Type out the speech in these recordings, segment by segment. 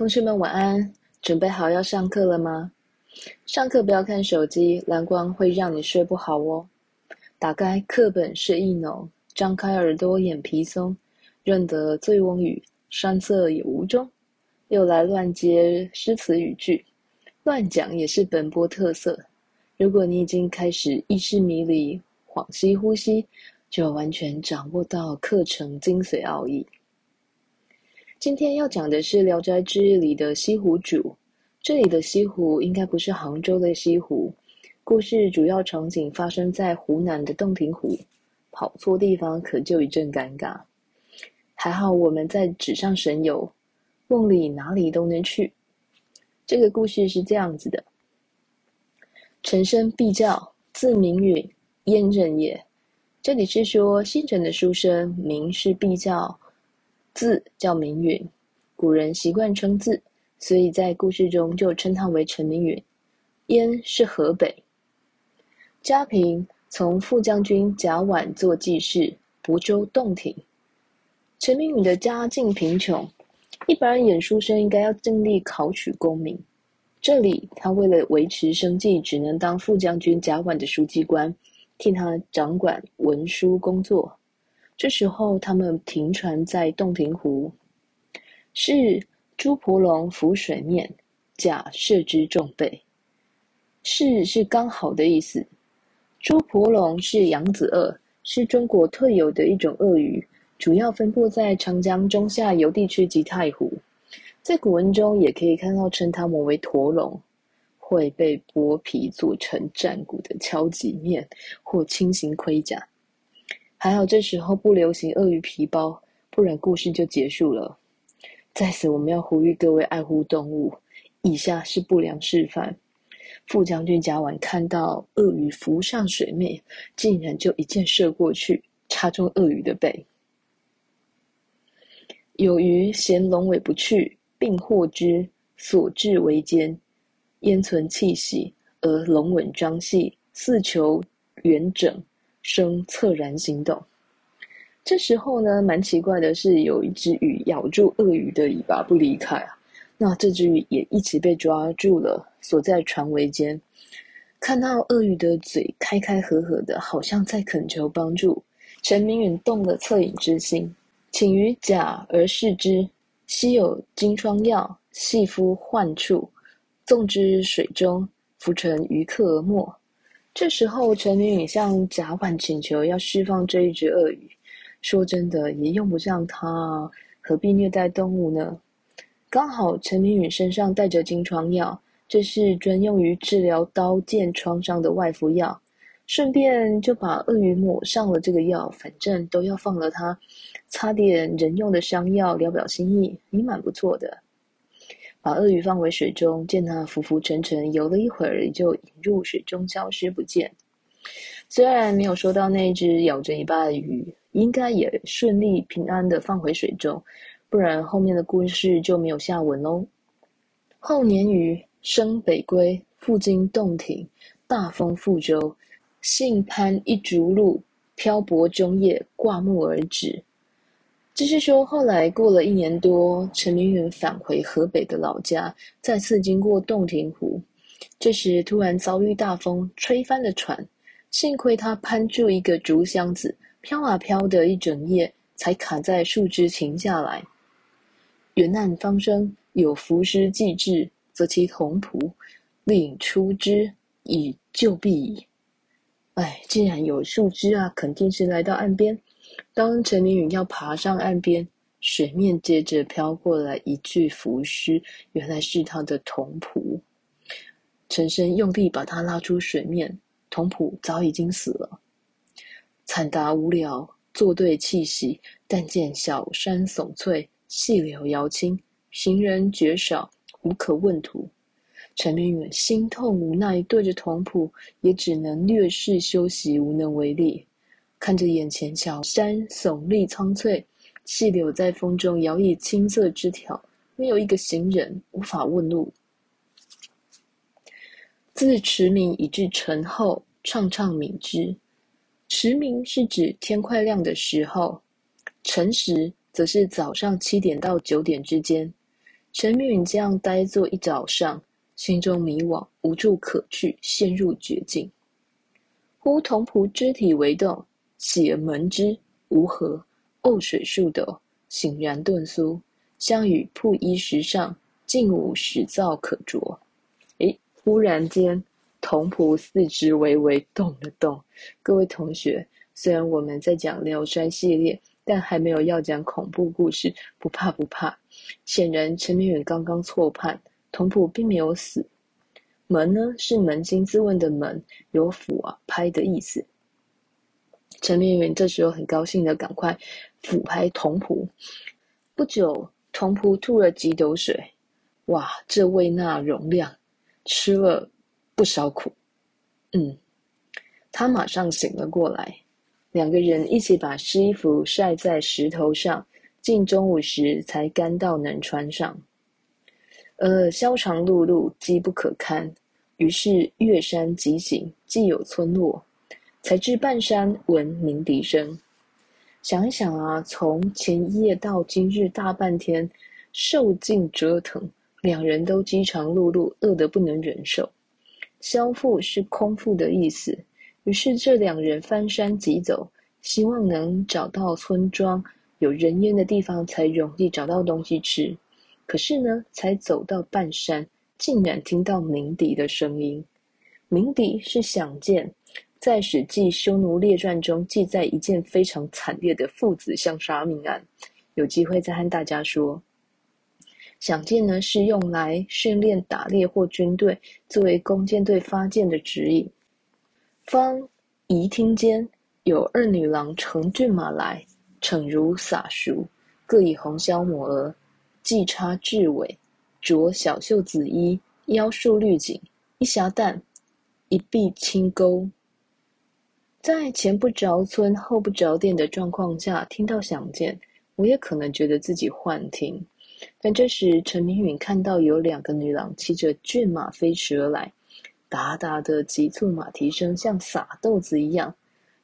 同學們晚安，準備好要上課了嗎？上課不要看手機，藍光會讓你睡不好哦。打開課本是意濃，張開耳朵眼皮鬆，認得醉翁語，山色有無中。又來亂接詩詞語句，亂講也是本播特色。如果你已經開始意識迷離，恍兮呼吸，就完全掌握到課程精髓奧義。今天要講的是《聊齋志異》裡的《西湖主》。這裡的西湖應該不是杭州的西湖，故事主要場景發生在湖南的洞庭湖。跑錯地方可就一陣尷尬。還好我們在紙上神遊，夢裡哪裡都能去。這個故事是這樣子的：陳生弼教，字明允，燕人也。這裡是說，姓陳的書生，名是弼教。字叫明允，古人習慣稱字，所以在故事中就稱他為陳明允。燕是河北。家貧，從副將軍賈婉作記室，泊舟洞庭。陳明允的家境貧窮，一般人演書生應該要盡力考取功名，這裡他為了維持生計，只能當副將軍賈婉的書記官，替他掌管文書工作。這時候，他們停船在洞庭湖，是豬婆龍浮水面，假設之重備。是是剛好的意思。豬婆龍是揚子鱷，是中國特有的一種鱷魚，主要分布在長江中下游地區及太湖。在古文中也可以看到稱它們為鼉龍，會被剝皮做成戰鼓的敲擊面或輕型盔甲。還好這時候不流行鱷魚皮包，不然故事就結束了。在此，我們要呼籲各位愛護動物。以下是不良示範：副將軍賈綰看到鱷魚浮上水面，竟然就一箭射過去，插中鱷魚的背。有魚銜龍尾不去，並獲之，鎖置桅間，焉存氣息？而龍吻張翕，似求援拯。生惻然行動，這時候呢，蠻奇怪的是，有一只魚咬住鱷魚的尾巴不離開，那這隻魚也一起被抓住了，鎖在船尾間。看到鱷魚的嘴開開合合的，好像在懇求幫助。陳明允動了惻隱之心，請於甲而釋之，稀有金瘡藥，細敷患處，縱之水中，浮沉於刻而沒。這時候，陳明允向賈綰請求要釋放這一隻鱷魚。說真的，也用不上它，何必虐待動物呢？剛好陳明允身上帶着金瘡藥，這是專用於治療刀劍創傷的外敷藥。順便就把鱷魚抹上了這個藥，反正都要放了它，擦點人用的傷藥，聊表心意，也蠻不錯的。把鱷魚放回水中，見它浮浮沉沉游了一會兒，就引入水中消失不見。雖然沒有說到那只咬着一半的魚，應該也順利平安的放回水中，不然後面的故事就沒有下文嘍、哦。後年餘，生北歸，復經洞庭，大風覆舟，幸攀一竹路，漂泊中夜，掛木而止。就是說，後來過了一年多，陳明允返回河北的老家，再次經過洞庭湖，這時突然遭遇大風，吹翻了船。幸虧他攀住一個竹箱子，飄啊飄的一整夜，才卡在樹枝停下來。遠難方生，有浮屍既至，則其僮僕令出之以救必矣。哎，既然有樹枝啊，肯定是來到岸邊。當陳明允要爬上岸邊，水面接着飄過來一具浮屍，原來是他的同僕。陳生用力把他拉出水面，同僕早已經死了。慘達無聊，坐對氣息，但見小山聳翠，細柳搖青，行人絕少，無可問途。陳明允心痛無奈，對着同僕也只能略事休息，無能為力。看着眼前小山聳立蒼翠，細柳在風中搖曳，青色枝條，沒有一個行人，無法問路。自遲明以至辰後，悵悵敏之。遲明是指天快亮的時候，辰時則是早上七點到九點之間。陳明允這樣呆坐一早上，心中迷惘，無處可去，陷入絕境。忽童僕肢體微動。起而捫之，無何，漚、哦、水數斗，醒然頓蘇。相與曝衣石上，近午始燥可著。哎，忽然間，童僕四肢微微動了動。各位同學，雖然我們在講聊齋系列，但還沒有要講恐怖故事，不怕不怕。顯然，陳明允剛剛錯判，童僕並沒有死。捫呢，是捫心自問的捫，有撫啊拍的意思。陳明允這時候很高興的，趕快撫拍童僕。不久，童僕吐了幾斗水，哇，這胃納容量吃了不少苦。嗯，他馬上醒了過來。兩個人一起把濕衣服曬在石頭上，近中午時才乾到能穿上。呃，枵腸轆轆，飢不可堪，於是越山疾行，既有村落。才至半山，聞鳴笛聲。想一想啊，從前一夜到今日大半天，受盡折騰，兩人都飢腸轆轆，餓得不能忍受。枵腹是空腹的意思。於是這兩人翻山急走，希望能找到村莊、有人煙的地方，才容易找到東西吃。可是呢，才走到半山，竟然聽到鳴笛的聲音。鳴笛是響箭。在《史記·匈奴列傳》中，記載一件非常慘烈的父子相殺命案。有機會再和大家說，響箭呢是用來訓練打獵或軍隊，作為弓箭隊發箭的指引。方疑聽間，有二女郎乘駿馬來，騁如撒菽，各以紅綃抹額，髻插雉尾，着小袖紫衣，腰束綠錦，一挾彈，一臂青鞲在前不着村後不着店的狀況下，聽到響箭，我也可能覺得自己幻聽。但這時，陳明允看到有兩個女郎騎着駿馬飛馳而來，噠噠的急促馬蹄聲像撒豆子一樣。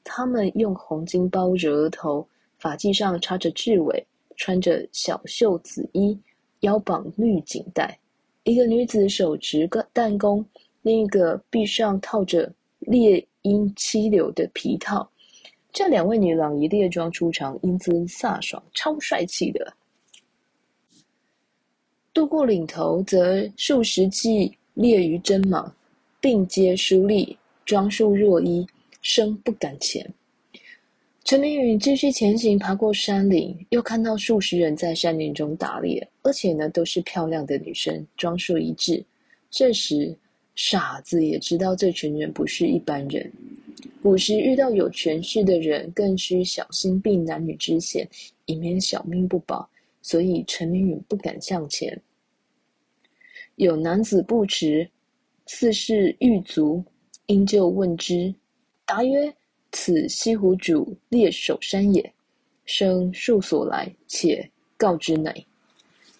她們用紅巾包着額頭，髮髻上插着雉尾，穿着小袖紫衣，腰綁綠錦帶。一個女子手執個彈弓，另一個臂上套着獵。因七柳的皮套，這兩位女郎一列裝出場，英姿颯爽，超帥氣的。渡過嶺頭，則數十騎獵於榛莽，並皆姝麗，裝束若一，生不敢前。陳明允繼續前行，爬過山嶺，又看到數十人在山林中打獵，而且呢都是漂亮的女生，裝束一致。這時。傻子也知道這群人不是一般人，古時遇到有權勢的人，更需小心避男女之嫌，以免小命不保。所以陳明允不敢向前。有男子不遲，似是獄足，因就問之，答曰：“此西湖主獵守山也，生數所來，且告之乃。”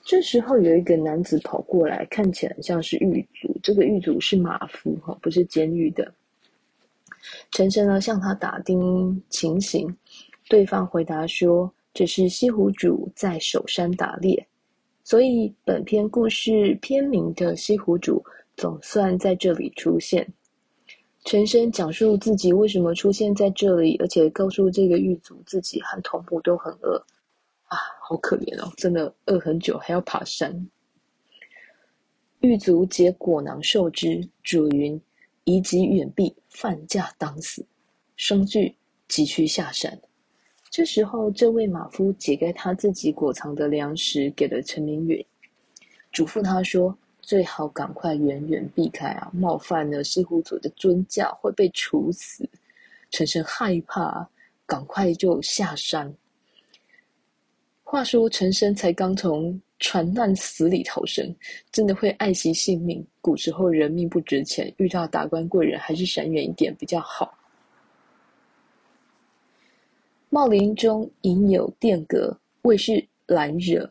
這時候有一個男子跑過來，看起來很像是獄卒。這個獄卒是馬夫哈，不是監獄的。陳生呢，向他打聽情形，對方回答說：“這是西湖主在守山打獵。”所以本篇故事片名的西湖主總算在這裡出現。陳生講述自己為什麼出現在這裡，而且告訴這個獄卒自己和同伴都很餓。啊，好可憐哦！真的餓很久，還要爬山。獄卒解裹囊受之，主云：“宜及遠避，犯駕當死。”生懼，急趨下山。這時候，這位馬夫解開他自己裹藏的糧食，給了陳明允，囑咐他說：“最好趕快遠遠避開啊！冒犯了西湖主的尊駕，會被處死。”陳生害怕，趕快就下山。話說陳生才剛從船難死裡逃生，真的會愛惜性命。古時候人命不值錢，遇到達官貴人還是閃遠一點比較好。茂林中隱有殿閣，謂是蘭若。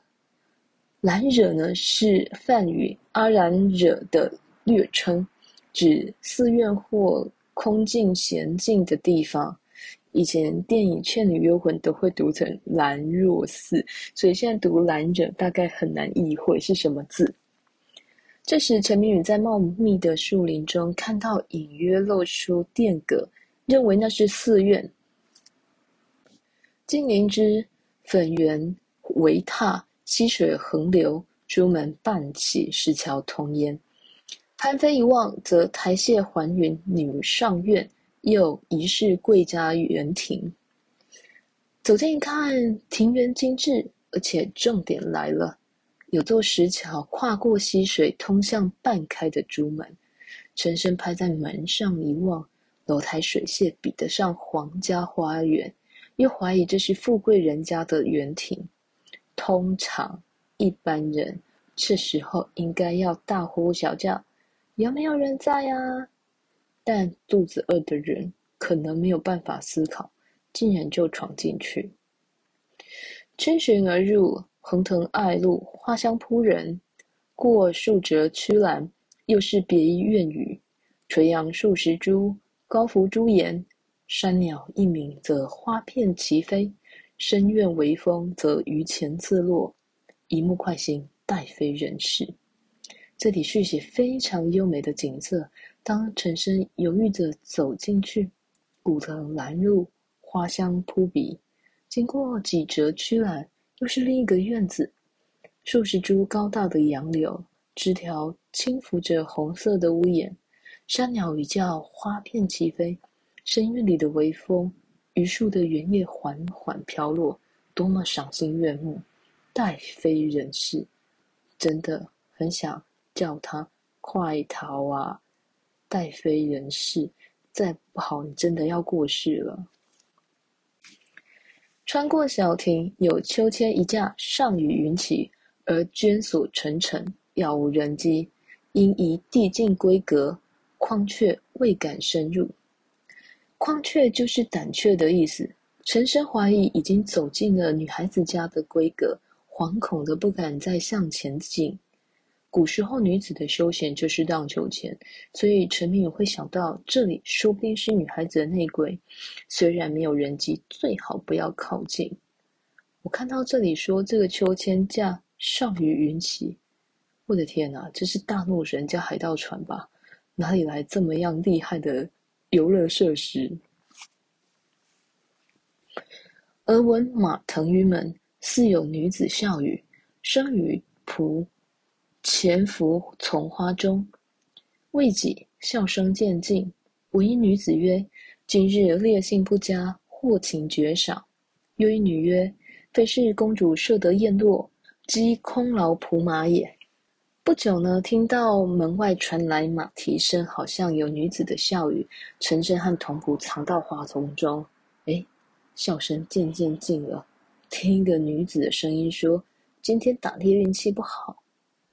蘭若呢，是梵語阿蘭若的略稱，指寺院或空靜閒靜的地方。以前電影《倩女幽魂》都會讀成蘭若寺，所以現在讀蘭者大概很難意會是什麼字。這時，陳明宇在茂密的樹林中看到隱約露出殿閣，認為那是寺院。金陵之粉垣、圍塔、溪水橫流、朱門半起，石橋通煙。潘飛一望，則台榭環原，女上院。又疑是貴家園亭。走近一看，庭園精致，而且重點來了，有座石橋跨過溪水，通向半開的朱門。陳生拍在門上一望，樓台水榭比得上皇家花園，又懷疑這是富貴人家的園亭。通常一般人這時候應該要大呼小叫：“有沒有人在啊？”但肚子餓的人可能沒有辦法思考，竟然就闖進去，穿尋而入，橫藤礙路，花香撲人；過數折曲欄，又是別一院宇，垂楊數十株，高拂朱簷；山鳥一鳴，則花片齊飛；深院微風，則榆錢自落，一目快心，殆非人世。這裡續寫非常優美的景色。當陳生猶豫着走進去，古藤攔入，花香撲鼻。經過幾折曲欄，又是另一個院子。數十株高大的楊柳，枝條輕拂着紅色的屋檐，山鳥一叫，花片齊飛。深院裡的微風，榆樹的圓葉緩緩飄落，多麼賞心悅目，殆非人世。真的很想叫他快逃啊！再非人世，再不好，你真的要過世了。穿過小亭，有秋千一架，上與雲齊，而絹索沉沉，杳無人跡。因疑地近閨閣，況卻未敢深入。況卻就是膽怯的意思。陳生懷疑已經走進了女孩子家的閨閣，惶恐的不敢再向前進。古時候女子的休閒就是盪秋千，所以陳明也會想到這裡，說不定是女孩子的內鬼。雖然沒有人跡，最好不要靠近。我看到這裡說這個秋千架上於雲起，我的天哪、啊，這是大陸人家海盜船吧？哪裡來這麼樣厲害的遊樂設施？俄聞馬騰於門，似有女子笑語，生於僕。潛伏叢花中，未幾，笑聲漸近。聞一女子曰：“今日獵興不佳，獲禽絕少。”又一女曰：“非是公主射得雁落，幾空勞僕馬也。”不久呢，聽到門外傳來馬蹄聲，提好像有女子的笑語。陳真和童僕藏到花叢中，哎，笑聲漸漸近了。聽一個女子的聲音說：“今天打獵運氣不好。”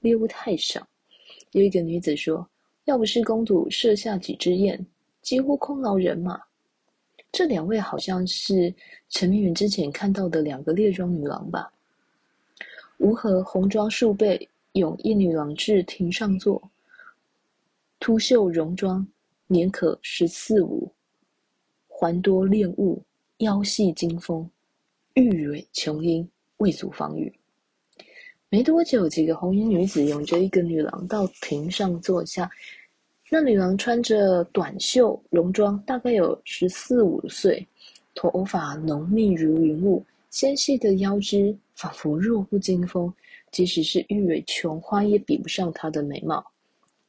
獵物太少，有一個女子說：“要不是公主射下幾隻雁，幾乎空勞人馬。”這兩位好像是陳明允之前看到的兩個獵裝女郎吧？無何紅妝數輩，擁一女郎至亭上坐。突袖戎裝，年可十四五，鬟多斂霧，腰細驚風，玉蕊瓊英，未足方喻。沒多久，幾個紅衣女子擁着一個女郎到亭上坐下。那女郎穿着短袖戎裝，大概有十四五歲，頭髮濃密如雲霧，纖細的腰肢仿佛弱不禁風，即使是玉蕊瓊花也比不上她的美貌。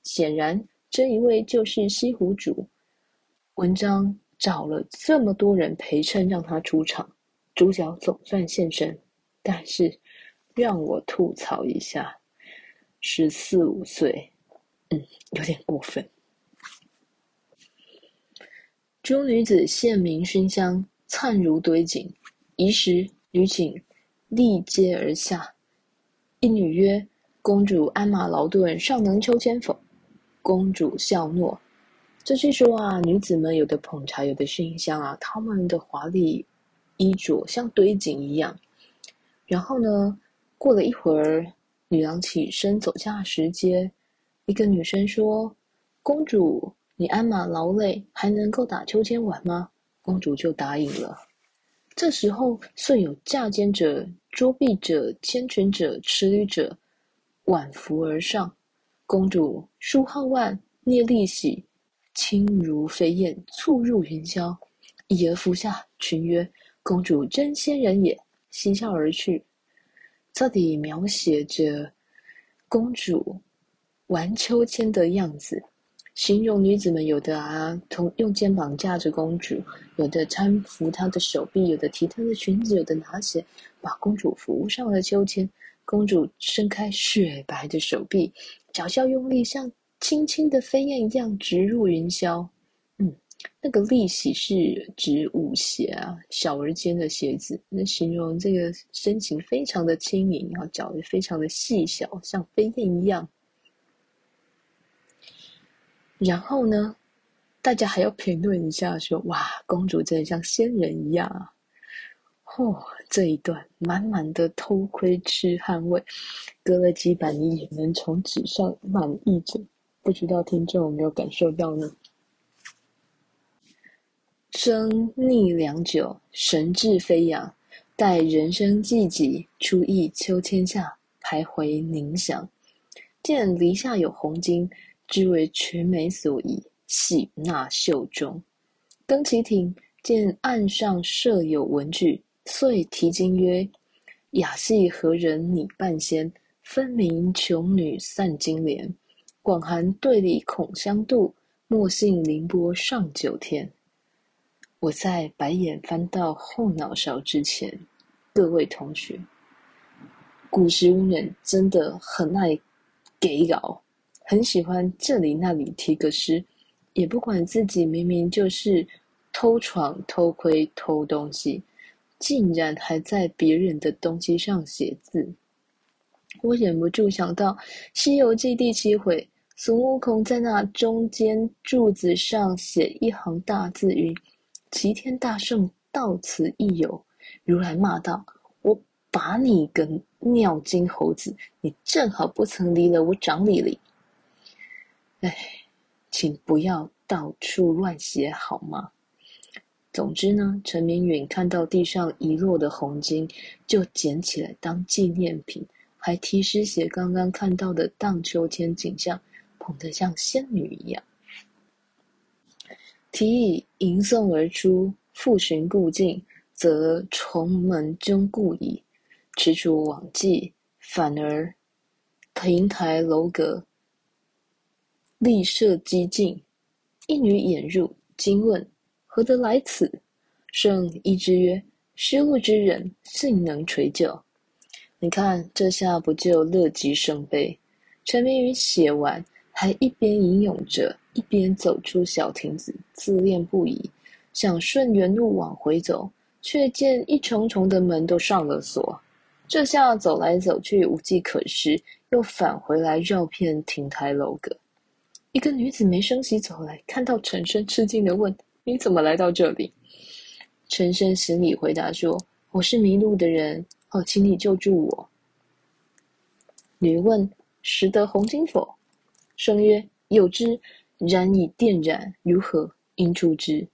顯然，這一位就是西湖主。文章找了這麼多人陪襯，讓她出場，主角總算現身，但是。讓我吐槽一下，十四五歲，嗯，有點過分。諸女子獻茗熏香，燦如堆錦；移時，女請立階而下。一女曰：“公主鞍馬勞頓，尚能秋千否？”公主笑諾。這是說啊，女子們有的捧茶，有的熏香啊，她們的華麗衣着像堆錦一樣。然後呢？過了一會兒，女郎起身走下石階。一個女生說：“公主，你鞍馬勞累，還能夠打秋千玩嗎？”公主就答應了。這時候，遂有駕肩者、捉臂者、牽犬者、持履者，挽扶而上。公主舒皓腕，躡利屣，輕如飛燕，促入雲霄。已而扶下，群曰：“公主真仙人也！”嬉笑而去。這裡描寫着公主玩秋千的樣子，形容女子們有的啊，同用肩膀架着公主，有的攙扶她的手臂，有的提她的裙子，有的拿鞋把公主扶上了秋千。公主伸開雪白的手臂，腳下用力，像輕輕的飛燕一樣直入雲霄。那個利屣，是指舞鞋啊，小而尖的鞋子，那形容這個身形非常的輕盈啊，然後腳也非常的細小，像飛燕一樣。然後呢，大家還要評論一下說：“哇，公主真的像仙人一樣啊！”嚯，這一段滿滿的偷窺痴漢味，隔了幾百年也能從紙上滿意着，不知道聽眾有沒有感受到呢？生逆良久，神志飛揚。待人生寂寂，出憶秋千下徘徊凝想，見籬下有紅巾，知為群美所遺，喜納袖中。登其庭，見岸上設有文具，遂題巾曰：“雅戲何人擬半仙？分明瓊女散金蓮。廣寒隊裡恐相妒，莫信凌波上九天。”我在白眼翻到後腦勺之前，各位同學，古時文人真的很愛給稿，很喜歡這裡那裡題個詩，也不管自己明明就是偷闖、偷窺、偷東西，竟然還在別人的東西上寫字。我忍不住想到《西遊記》第七回，孫悟空在那中間柱子上寫一行大字云。齊天大聖到此一遊，如來罵道：“我把你跟尿精猴子，你正好不曾離了我掌裡哩！”哎，請不要到處亂寫好嗎？總之呢，陳明允看到地上遺落的紅巾，就撿起來當紀念品，還題詩寫剛剛看到的盪秋千景象，捧得像仙女一樣。提議吟誦而出，復尋故徑，則重門扃固矣。躑躅往迹，反而亭台樓閣，立色機盡。一女掩入，驚問：“何得來此？”生揖之曰：“失物之人，幸能垂救。”你看，這下不就樂極生悲，陳明允寫完，還一邊吟詠着。一邊走出小亭子，自戀不已，想順原路往回走，卻見一重重的門都上了鎖。這下走來走去無計可施，又返回來繞遍亭台樓閣。一個女子沒聲息走來，看到陳生，吃驚地問：“你怎麼來到這裡？”陳生行禮回答說：“我是迷路的人，哦，請你救助我。”女問：“識得紅巾否？”生曰：“有之。”然以靛染，如何應出之？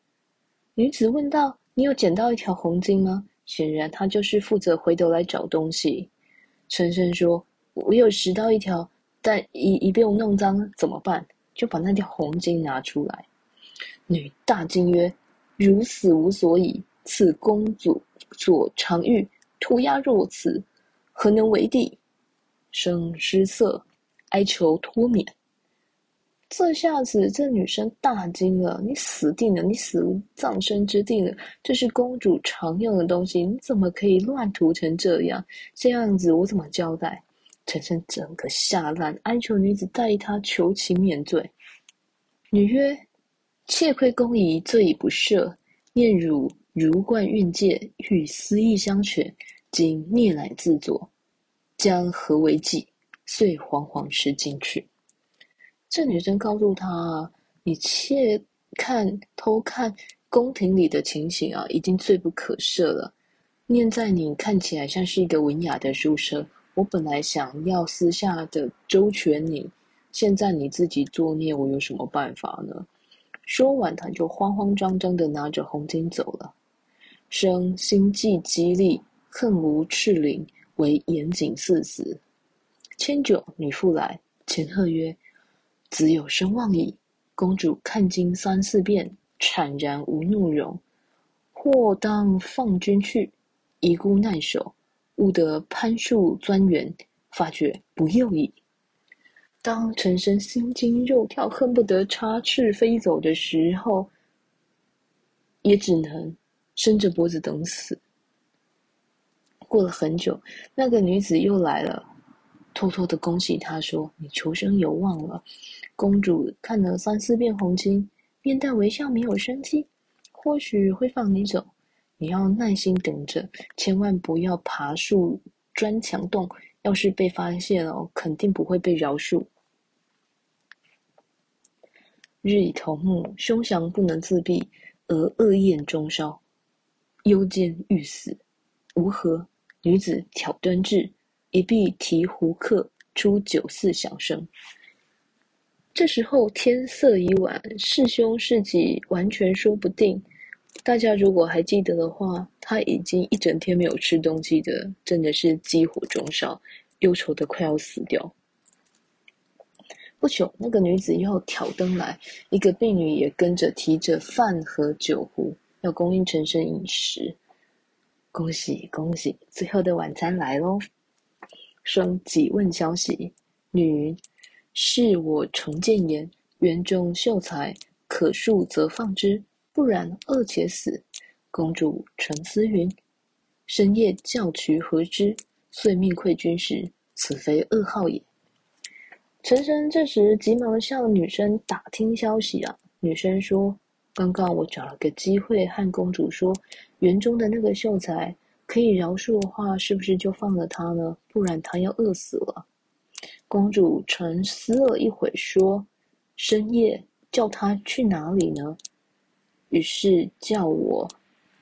女子問道：“你有撿到一條紅巾嗎？”顯然，她就是負責回頭來找東西。陳生說：“我有拾到一條，但一已被我弄髒了，怎麼辦？”就把那條紅巾拿出來。女大驚曰：“如死無所以，此公主所常御塗鴉若此，何能為地？”生失色，哀求脫免。這下子，這女生大驚了：“你死定了！你死無葬身之地了！這是公主常用的東西，你怎麼可以亂塗成這樣？這樣子我怎麼交代？”陳生整個嚇爛，哀求女子代他求情免罪。女曰：“妾愧宮儀，罪已不赦。念汝如，如冠運戒，欲私意相全，今逆來自作，將何為計？”遂惶惶失進去。這女生告訴他、啊：“你切看、偷看宮廷裡的情形啊，已經罪不可赦了。念在你看起來像是一個文雅的書生，我本來想要私下的周全你，現在你自己作孽，我有什麼辦法呢？”說完，他就慌慌張張的拿着紅巾走了。生心計激烈，恨無赤鱗為嚴景四子。千九女復來，錢赫曰。子有生望矣。公主看經三四遍，慘然無怒容。或當放君去，一孤難守，勿得攀樹鑽垣，發覺不又矣。當陳生心驚肉跳，恨不得插翅飛走的時候，也只能伸着脖子等死。過了很久，那個女子又來了，偷偷的恭喜他說：“你求生有望了。”公主看了三四遍紅巾，面帶微笑，沒有生氣，或許會放你走，你要耐心等着，千萬不要爬樹、鑽牆洞。要是被發現了，肯定不會被饒恕。日已頭目，凶祥不能自閉，而餓焰中燒，憂煎欲死，無何，女子挑端至，一臂提壺客出酒肆小生。這時候天色已晚，是凶是吉完全說不定。大家如果還記得的話，他已經一整天沒有吃東西的，真的是飢火中燒，憂愁得快要死掉。不久，那個女子又挑燈來，一個婢女也跟着提着飯和酒壺，要供應陳生飲食。恭喜恭喜，最後的晚餐來嘍！生即問消息，女。是我陳建言，園中秀才可恕則放之，不然餓且死。公主沉思云：“深夜教渠何之？”遂命饋軍士，此非噩耗也。陳生這時急忙向女生打聽消息啊，女生說：“剛剛我找了個機會和公主說，園中的那個秀才可以饒恕的話，是不是就放了他呢？不然他要餓死了。”公主沉思了一會，說：“深夜叫他去哪裡呢？於是叫我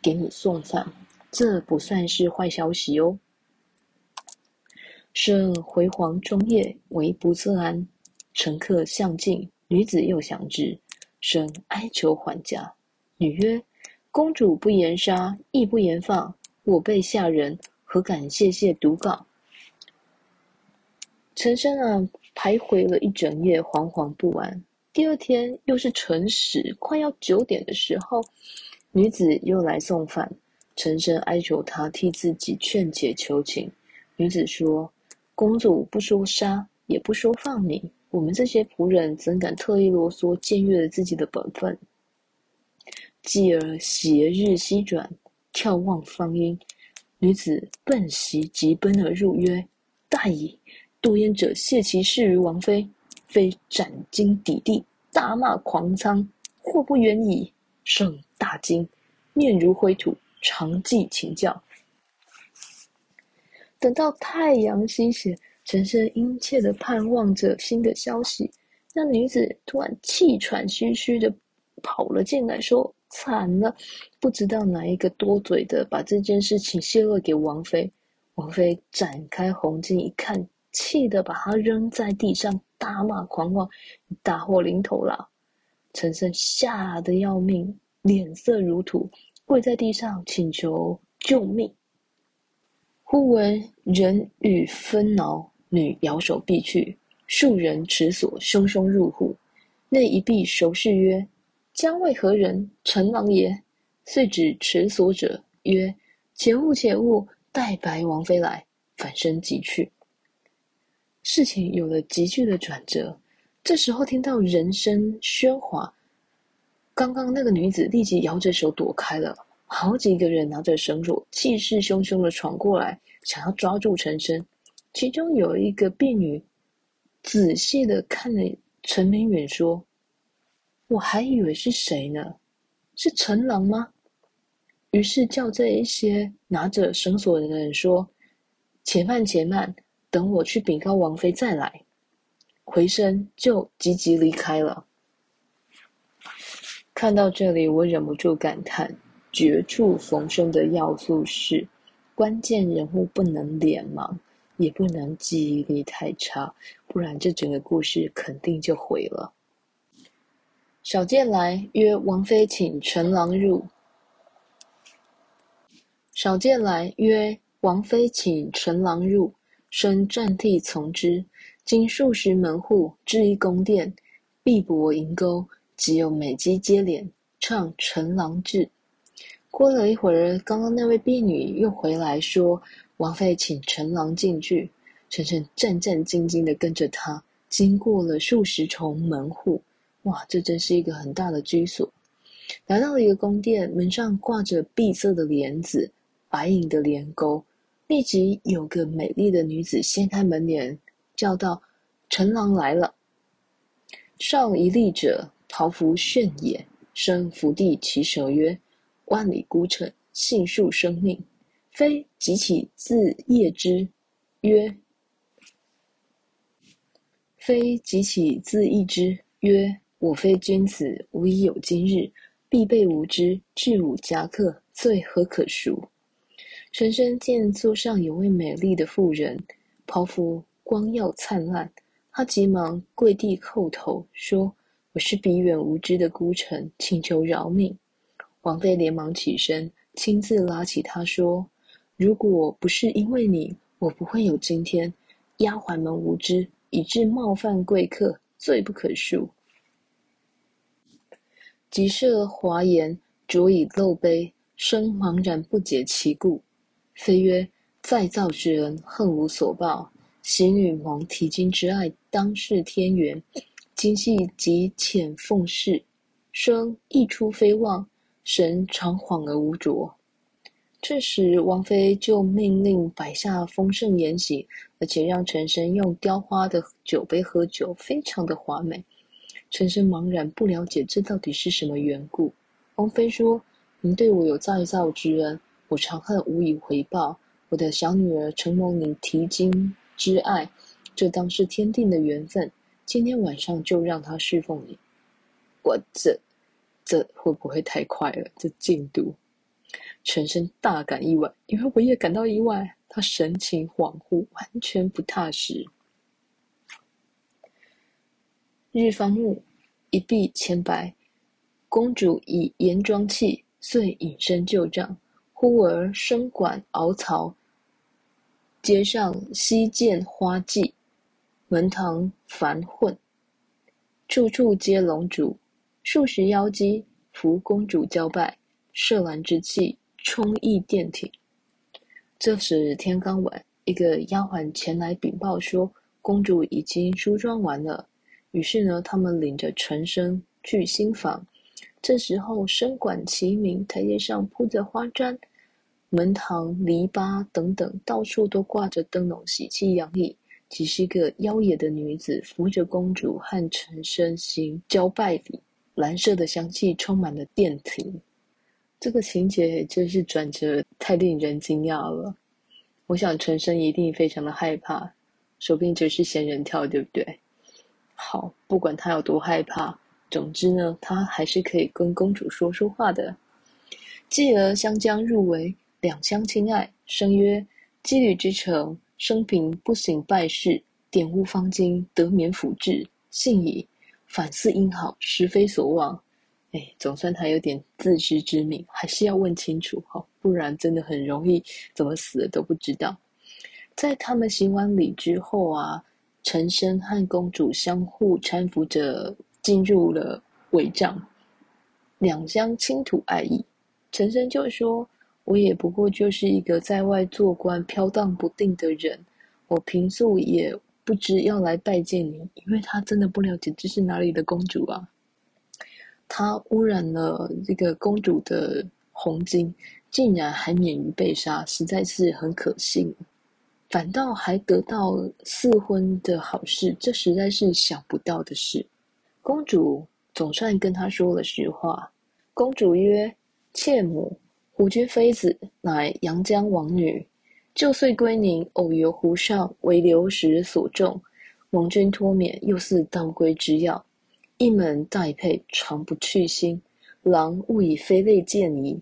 給你送飯，這不算是壞消息哦。”生回皇中夜為不自安，乘客向進，女子又詳之，生哀求還家。女曰：“公主不言殺，亦不言放，我輩下人何敢謝謝獨告？”陳生啊，徘徊了一整夜，惶惶不安。第二天又是辰時，快要九點的時候，女子又來送飯。陳生哀求她替自己勸解求情。女子說：“公主不說殺，也不說放你。我們這些僕人，怎敢特意囉嗦，僭越了自己的本分。”繼而斜日西轉，眺望方殷，女子奔襲急奔而入約，曰：“殆矣。”多言者泄其事於王妃，妃斬巾抵地，大罵狂蒼，禍不遠矣。生大驚，面如灰土，長跽請教。等到太陽西斜，陳生殷切的盼望着新的消息，那女子突然氣喘吁吁的跑了進來，說：“慘了，不知道哪一個多嘴的把這件事情泄露給王妃。”王妃展開紅巾一看。氣得把他扔在地上，大罵狂妄！大禍臨頭了！陳生嚇得要命，臉色如土，跪在地上請求救命。忽聞人語紛撓，女搖手避去，數人持鎖，洶洶入戶。內一婢，熟視曰：“將謂何人？”陳郎耶，遂指持鎖者曰：“且勿，且勿！待白王妃來。”反身即去。事情有了急劇的轉折，這時候聽到人聲喧嘩，剛剛那個女子立即搖着手躲開了。好幾個人拿着繩索，氣勢洶洶的闖過來，想要抓住陳生。其中有一個婢女，仔細的看了陳明允，說：“我還以為是誰呢？是陳郎嗎？”於是叫這一些拿着繩索的人說：“且慢，且慢。”等我去稟告王妃，再來。回身就急急離開了。看到這裡，我忍不住感嘆：絕處逢生的要素是，關鍵人物不能臉盲，也不能記憶力太差，不然這整個故事肯定就毀了。少間，來曰：王妃，請陳郎入。少間，來曰：王妃，請陳郎入。身戰地從之。經數十門戶，至一宮殿，碧箔銀鈎，即有美姬接連唱陳郎至。過了一會兒，剛剛那位婢女又回來說：“王妃請陳郎進去。”陳陳戰戰兢兢的跟着她，經過了數十重門戶。哇，這真是一個很大的居所。來到了一個宮殿，門上掛着碧色的簾子，白銀的簾鈎。立即有個美麗的女子掀開門簾，叫道：“陳郎來了。”上一立者袍服炫也，生伏地稽首曰：“萬里孤城，信樹生命，妃急起自曳之，曰；妃急起自曳之，曰：我非君子，無以有今日。婢輩無知，致忤佳客，罪何可贖？”陳生見座上有位美麗的婦人，袍服光耀燦爛，他急忙跪地叩頭，說：“我是鄙遠無知的孤臣，請求饒命。”王妃連忙起身，親自拉起他說：“如果不是因為你，我不會有今天。丫鬟們無知，以致冒犯貴客，罪不可恕。”即設華筵，酌以鏤杯，生茫然不解其故。妃曰：“再造之恩，恨無所報。喜女蒙提經之愛，當是天緣。今夕即遣奉侍，生一出非望，神常恍而無着。”這時，王妃就命令擺下豐盛筵席，而且讓陳生用雕花的酒杯喝酒，非常的華美。陳生茫然不了解這到底是什麼緣故。王妃說：“您對我有再造之恩。”我常恨無以回報，我的小女兒承蒙你提親之愛，這當是天定的緣分。今天晚上就讓她侍奉你。我這，這會不會太快了？這進度，陳生大感意外，因為我也感到意外。她神情恍惚，完全不踏實。日方暮，一碧千頃，公主以嚴妝器，遂隱身舊賬忽而笙管敖曹，階上悉踐花罽，門堂藩溷，處處皆籠燭，數十妖姬扶公主交拜，麝蘭之氣充溢殿庭。這時天剛晚，一個丫鬟前來稟報說，公主已經梳妝完了。於是呢，他們領着陳生去新房。這時候，笙管齊鳴，台階上鋪着花氈，門堂、籬笆等等，到處都掛着燈籠，喜氣洋溢。只是一個妖冶的女子扶着公主和陳生行交拜禮，蘭麝的香氣充滿了殿庭。這個情節真是轉折太令人驚訝了。我想陳生一定非常的害怕，說不定就是仙人跳，對不對？好，不管他有多害怕。總之呢，他還是可以跟公主說說話的。繼而相將入圍，兩相親愛，生曰：羈旅之誠，生平不省敗事。典物方經，得免腐志。」幸矣。反思英好，實非所望。哎，總算他有點自知之明，還是要問清楚哈，不然真的很容易怎麼死的都不知道。在他們行完禮之後啊，陳生和公主相互攙扶着。進入了圍帳，兩相傾吐愛意。陳生就說：“我也不過就是一個在外做官、飄蕩不定的人，我平素也不知要來拜見您。”因為他真的不了解這是哪裡的公主啊！他污染了這個公主的紅巾，竟然還免於被殺，實在是很可惜。反倒還得到賜婚的好事，這實在是想不到的事。公主總算跟他說了實話。公主曰：“妾母湖君妃子，乃陽江王女，舊歲歸寧，偶游湖上，為流石所中，蒙君脫免，又似刀圭之藥，一門戴佩，常不去心。郎勿以非類見疑。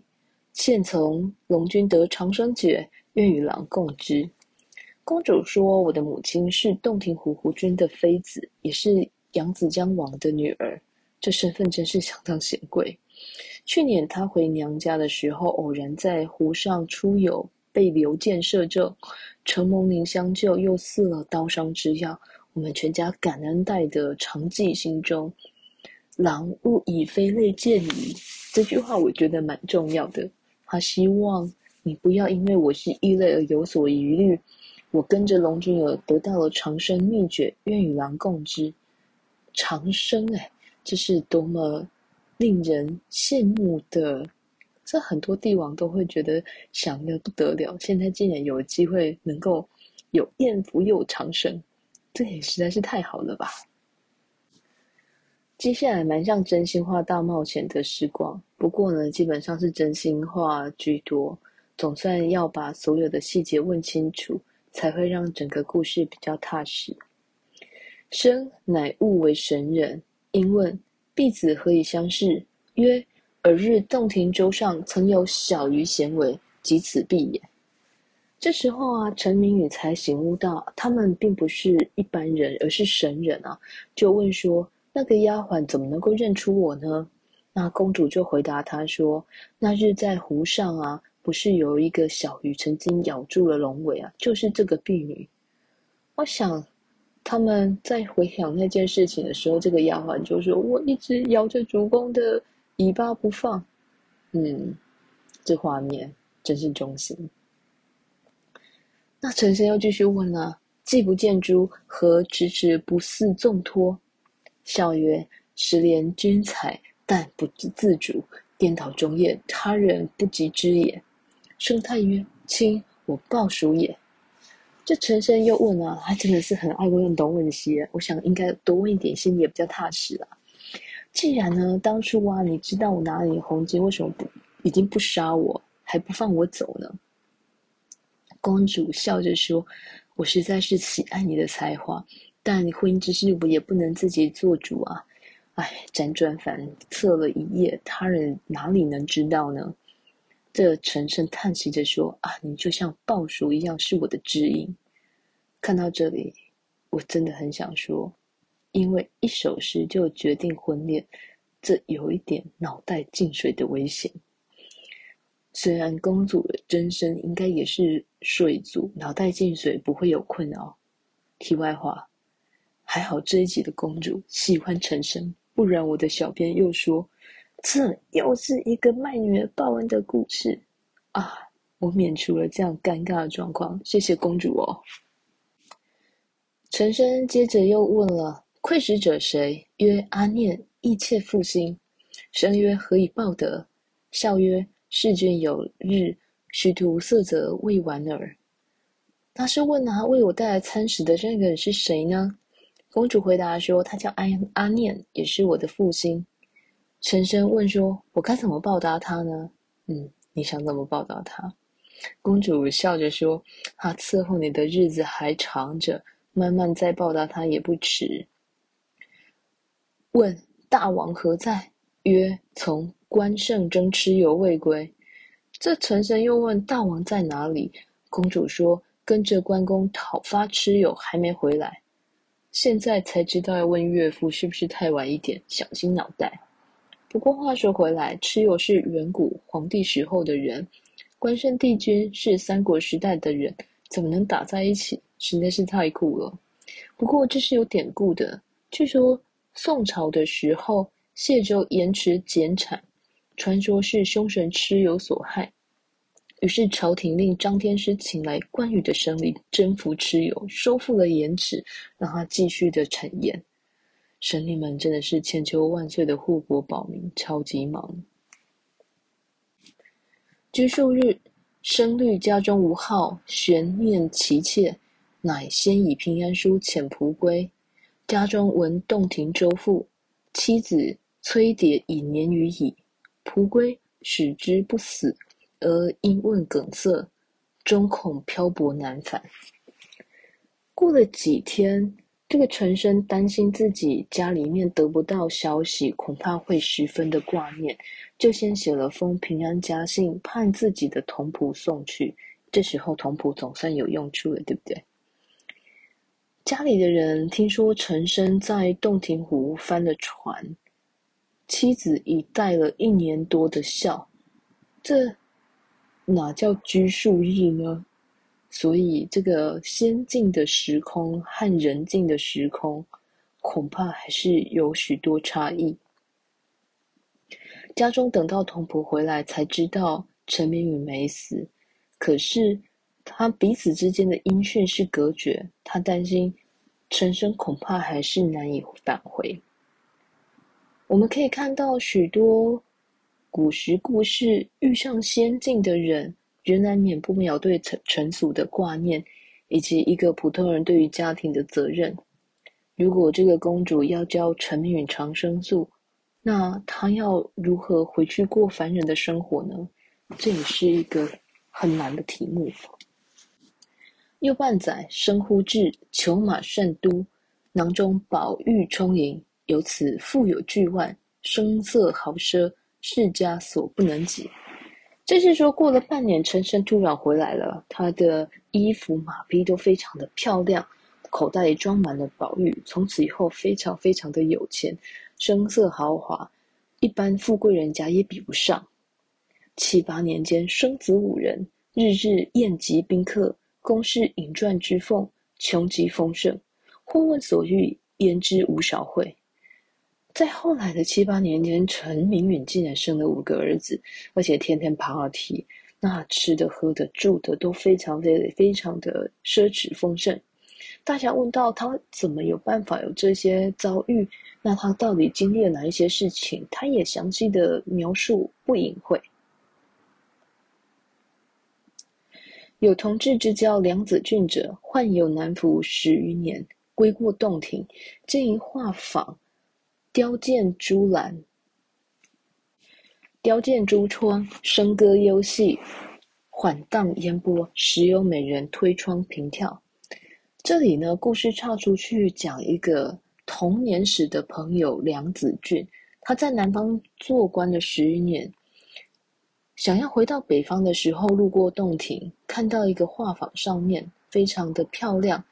妾從龍君得長生訣，願與郎共之。”公主說：“我的母親是洞庭湖湖君的妃子，也是。”揚子江王的女兒，這身份真是相當顯貴。去年她回娘家的時候，偶然在湖上出遊，被流箭射中，承蒙您相救，又賜了刀傷之藥。我們全家感恩戴德。常記心中，郎勿以非類見疑。這句話我覺得蠻重要的。他希望你不要因為我是異類而有所疑慮。我跟着龍君兒得到了長生秘訣，願與郎共之。長生哎，這是多麼令人羨慕的！這很多帝王都會覺得想得不得了。現在竟然有機會能夠有艷福又長生，這也實在是太好了吧！接下來蠻像真心話大冒險的時光，不過呢，基本上是真心話居多。總算要把所有的細節問清楚，才會讓整個故事比較踏實。生乃悟為神人，因問婢子何以相識？曰：爾日洞庭舟上曾有小魚銜尾，即此婢也。這時候啊，陳明允才醒悟到，他們並不是一般人，而是神人啊！就問說，那個丫鬟怎麼能夠認出我呢？那公主就回答他說：那日在湖上啊，不是有一個小魚曾經咬住了龍尾啊，就是這個婢女。我想。他們在回想那件事情的時候，這個丫鬟就說：“我一直搖着主公的尾巴不放。”嗯，這畫面真是忠心。那陳生又繼續問了：“既不見誅，何遲遲不賜縱脫？”笑曰：“實憐君才，但不知自主，顛倒終夜，他人不及知也。生”生嘆曰：“卿，我報熟也。”這陳生又問啊，他真的是很愛問東問西，我想應該多問一點，心裡也比較踏實了。啊、既然呢，當初啊，你知道我拿了紅巾，為什麼不，已經不殺我，還不放我走呢？公主笑着說：“我實在是喜愛你的才華，但婚姻之事我也不能自己做主啊。哎，輾轉反側了一夜，他人哪裡能知道呢？”這陳生嘆息着說：“啊，你就像鮑叔一樣，是我的知音。”看到這裡，我真的很想說，因為一首詩就決定婚戀，這有一點腦袋進水的危險。雖然公主的真身應該也是水族，腦袋進水不會有困擾。題外話，還好這一集的公主喜歡陳生，不然我的小編又說。這又是一個賣女兒報恩的故事啊！我免除了這樣尷尬的狀況，謝謝公主哦。陳生接着又問了：“饋食者誰？”曰：“阿念，一切父心。”生曰：“何以報德？”笑曰：“試卷有日，須塗色澤，未完耳。”他是問他，啊、為我帶來餐食的這個人是誰呢？公主回答說：“他叫阿阿念，也是我的父心。”陳生問說：“我該怎麼報答他呢？”嗯，你想怎麼報答他？公主笑着說：“他伺候你的日子還長着，慢慢再報答他也不遲。問”問大王何在？曰：從關聖征蚩尤未歸。這陳生又問大王在哪裡？公主說：“跟着關公討伐蚩尤還沒回來，現在才知道要問岳父是不是太晚一點，小心腦袋。”不過話說回來，蚩尤是遠古皇帝時候的人，關聖帝君是三國時代的人，怎麼能打在一起？實在是太酷了。不過這是有典故的，據說宋朝的時候，謝州鹽池減產，傳說是凶神蚩尤所害，於是朝廷令張天師請來關羽的神力，征服蚩尤，收復了鹽池，讓他繼續的產鹽。神力們真的是千秋萬歲的護國保民，超級忙。居數日，生慮家中無號，懸念其妾，乃先以平安書遣僕歸。家中聞洞庭舟覆妻子崔蝶已年餘矣，僕歸始知不死，而因問梗塞，終恐漂泊難返。過了幾天。這個陳生擔心自己家裡面得不到消息，恐怕會十分的掛念，就先寫了封平安家信，盼自己的童僕送去。這時候童僕總算有用處了，對不對？家裡的人聽說陳生在洞庭湖翻了船，妻子已戴了一年多的孝，這哪叫拘束日呢？所以，這個仙境的時空和人境的時空，恐怕還是有許多差異。家中等到童僕回來，才知道陳明允沒死。可是，他彼此之間的音訊是隔絕。他擔心，陳生恐怕還是難以返回。我們可以看到許多古時故事遇上仙境的人，仍然免不了對塵俗的掛念，以及一個普通人對於家庭的責任。如果這個公主要教陳允長生術，那她要如何回去過凡人的生活呢？這也是一個很難的題目。又半載，生忽至，裘馬甚都，囊中寶玉充盈，由此富有巨萬，聲色豪奢，世家所不能及。這是說，過了半年，陳生突然回來了，他的衣服、馬匹都非常的漂亮，口袋裡裝滿了寶玉，從此以後非常非常的有錢，聲色豪華，一般富貴人家也比不上。七八年間，生子五人，日日宴集賓客，宮室飲饌之奉，窮極豐盛。或問所欲，言之無少諱。在後來的七八年間，陳明允竟然生了五個兒子，而且天天 party，那吃的、喝的、住的都非常的、非常的奢侈豐盛。大家問到他怎麼有辦法有這些遭遇，那他到底經歷了哪一些事情？他也詳細的描述，不隱晦。有同志之交梁子俊者，患有南服十餘年，歸過洞庭，見一畫舫。雕檻朱欄，雕檻朱窗，笙歌幽細，緩蕩煙波。時有美人推窗憑眺。這裡呢，故事岔出去講一個童年時的朋友梁子俊，他在南方做官了十餘年，想要回到北方的時候，路過洞庭，看到一個畫舫，上面非常的漂亮，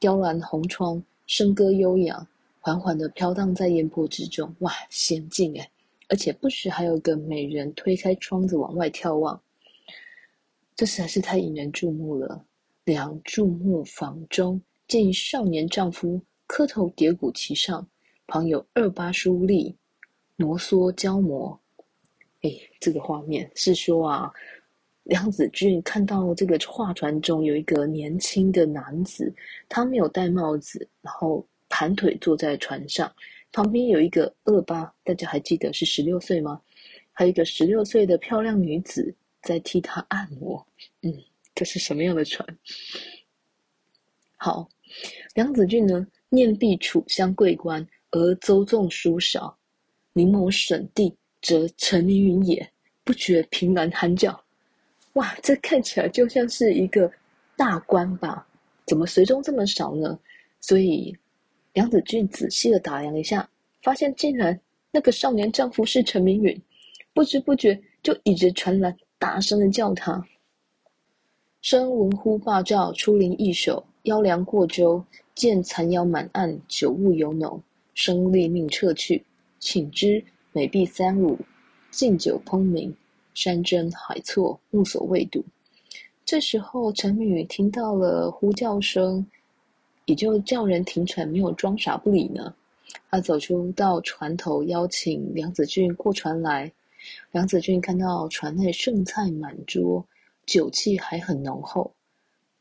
雕欄紅窗，笙歌悠揚。緩緩的飄蕩在煙波之中，哇，仙境哎！而且不時還有個美人推開窗子往外眺望，這實在是太引人注目了。梁柱木房中見少年丈夫，科頭疊股其上，旁有二八姝麗，挪縮嬌膜。哎，這個畫面是說啊，梁子俊看到這個畫船中有一個年輕的男子，他沒有戴帽子，然後。盤腿坐在船上，旁邊有一個二八，大家還記得是十六歲嗎？還有一個十六歲的漂亮女子在替他按摩。嗯，這是什麼樣的船？好，梁子俊呢？念必楚相貴官，而舟從殊少，凝眸審諦，則陳明允也，不覺憑欄喚叫。哇，這看起來就像是一個大官吧？怎麼隨從這麼少呢？所以。梁子俊仔細地打量一下，發現竟然那個少年丈夫是陳明允，不知不覺就一直傳來大聲地叫他。生聞呼，罷棹出林一手，邀梁過舟，見殘肴滿案，酒霧猶濃。生立命撤去，頃之，美婢三五，敬酒烹茗，山珍海錯，目所未睹。這時候，陳明允聽到了呼叫聲。也就叫人停船，沒有裝傻不理呢。他走出到船頭，邀請梁子俊過船來。梁子俊看到船內剩菜滿桌，酒氣還很濃厚。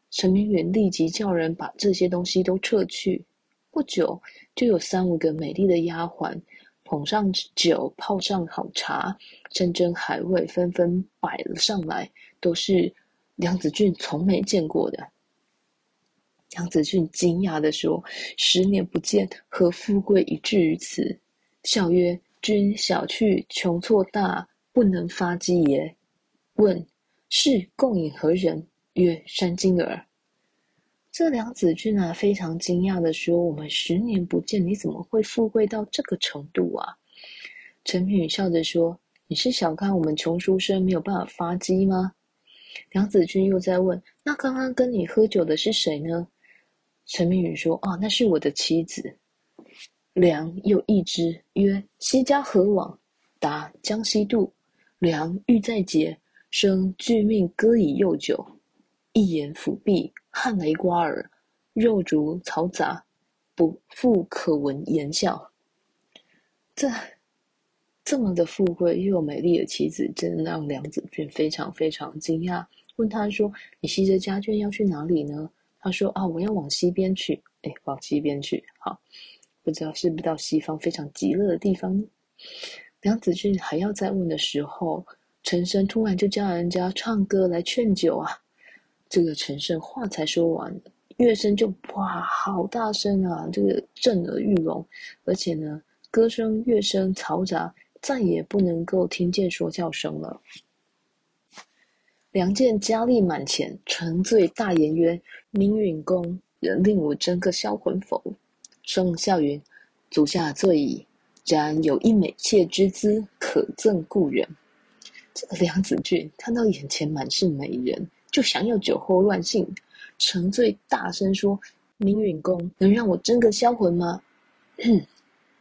陳明允立即叫人把這些東西都撤去。不久，就有三五個美麗的丫鬟捧上酒，泡上好茶，山珍海味紛紛擺了上來，都是梁子俊從沒見過的。梁子俊驚訝地說：“十年不見，何富貴以至於此？”笑曰：“君小去窮措大，不能發跡耶。”問：“是共飲何人？”曰山金兒：“山精耳。”這梁子俊啊，非常驚訝地說：“我們十年不見，你怎麼會富貴到這個程度啊？”陳明允笑着說：“你是小看我們窮書生沒有辦法發跡嗎？”梁子俊又在問：“那剛剛跟你喝酒的是誰呢？”陳明宇說：“啊，那是我的妻子。”梁又一之曰：“西家何往？”答：“江西渡。”梁欲在劫，生俱命割以幼酒。一言撫臂，汗雷刮耳，肉竹嘈雜，不復可聞言笑。這這麼的富貴又美麗的妻子，真的讓梁子俊非常非常驚訝。問他說：“你西着家眷要去哪裡呢？”他說：“啊，我要往西邊去，誒往西邊去，好，不知道是不是到西方非常極樂的地方呢。”梁子俊還要再問的時候，陳生突然就叫人家唱歌來勸酒啊！這個陳生話才說完，樂聲就哇，好大聲啊，這個震耳欲聾，而且呢，歌聲、樂聲、嘈雜，再也不能夠聽見說笑聲了。梁見佳麗滿前，乘醉大言曰：“明允公，能令我真個銷魂否？”生笑云：“足下醉矣，然有一美妾之姿，可贈故人。”這個梁子俊看到眼前滿是美人，就想要酒後亂性，乘醉大聲說：“明允公，能讓我真個銷魂嗎？”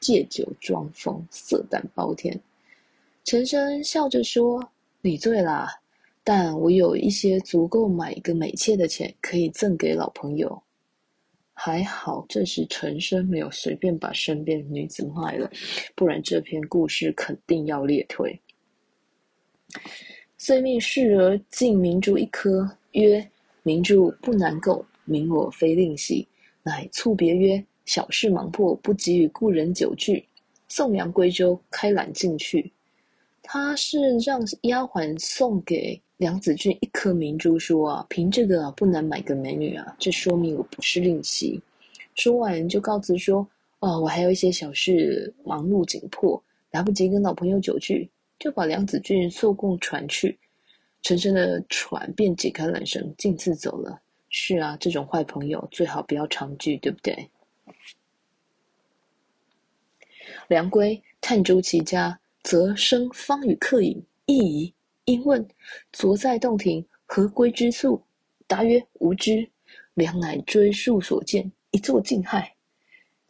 借酒裝瘋，色膽包天。陳生笑着說：“你醉啦。”但我有一些足夠買一個美妾的錢，可以贈給老朋友。還好，這時陳生沒有隨便把身邊的女子賣了，不然這篇故事肯定要裂推、嗯。遂命侍兒進明珠一顆，曰：“明珠不難購，明我非吝惜。”乃促別曰：“小事忙迫，不及與故人久聚。”送楊歸州，開纜進去。他是讓丫鬟送給。梁子俊一顆明珠說：“啊，憑這個、啊、不難買個美女啊！這說明我不是吝惜。”說完就告辭說：“啊，我還有一些小事，忙碌緊迫，來不及跟老朋友久聚，就把梁子俊送供船去。陳生的船便解開纜繩，徑自走了。是啊，這種壞朋友最好不要常聚，對不對？”梁歸探諸其家，則生方與客飲，意疑。因問：“昨在洞庭，何歸之宿？”答曰：“無知。”梁乃追溯所見，一座盡駭。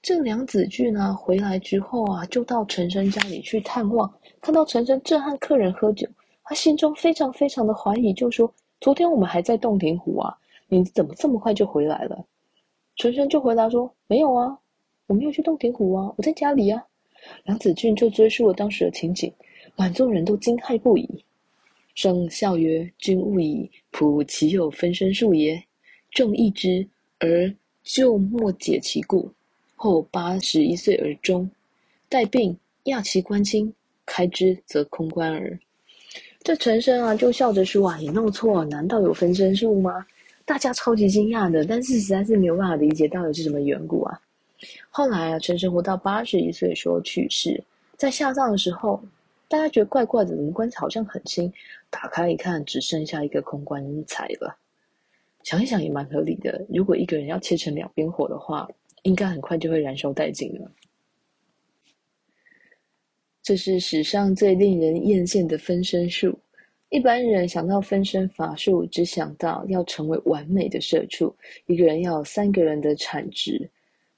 這梁子俊呢、啊，回來之後啊，就到陳生家裡去探望，看到陳生正和客人喝酒，他心中非常非常的懷疑，就說：“昨天我們還在洞庭湖啊，你怎麼這麼快就回來了？”陳生就回答說：“沒有啊，我沒有去洞庭湖啊，我在家裡啊。”梁子俊就追溯了當時的情景，滿座人都驚駭不已。生笑曰：“君誤矣，僕豈有分身術也？”眾異之，而就莫解其故。後八十一歲而終。待病，訝其棺心，開之則空棺耳。這陳生啊，就笑着說：“啊，也弄錯了、啊，難道有分身術嗎？”大家超級驚訝的，但是實在是沒有辦法理解到底是什麼緣故啊。後來啊，陳生活到八十一歲，說去世，在下葬的時候。大家覺得怪怪的，我們棺材好像很輕，打開一看，只剩下一個空棺材了。想一想也蠻合理的。如果一個人要切成兩邊火的話，應該很快就會燃燒殆盡了。這是史上最令人豔羨的分身術。一般人想到分身法術，只想到要成為完美的社畜。一個人要有三個人的產值。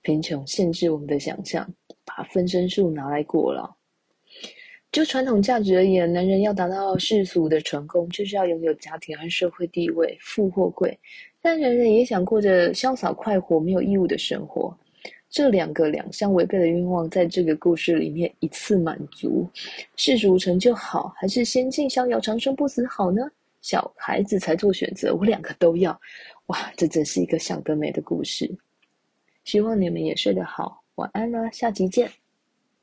貧窮限制我們的想象，把分身術拿來過勞。就傳統價值而言，男人要達到世俗的成功，就是要擁有家庭和社會地位、富或貴；但男人也想過着瀟灑快活、沒有義務的生活。這兩個兩相違背的願望，在這個故事裡面一次滿足：世俗成就好，還是仙境逍遙、長生不死好呢？小孩子才做選擇，我兩個都要。哇，這真是一個想得美的故事。希望你們也睡得好，晚安啦，下集見。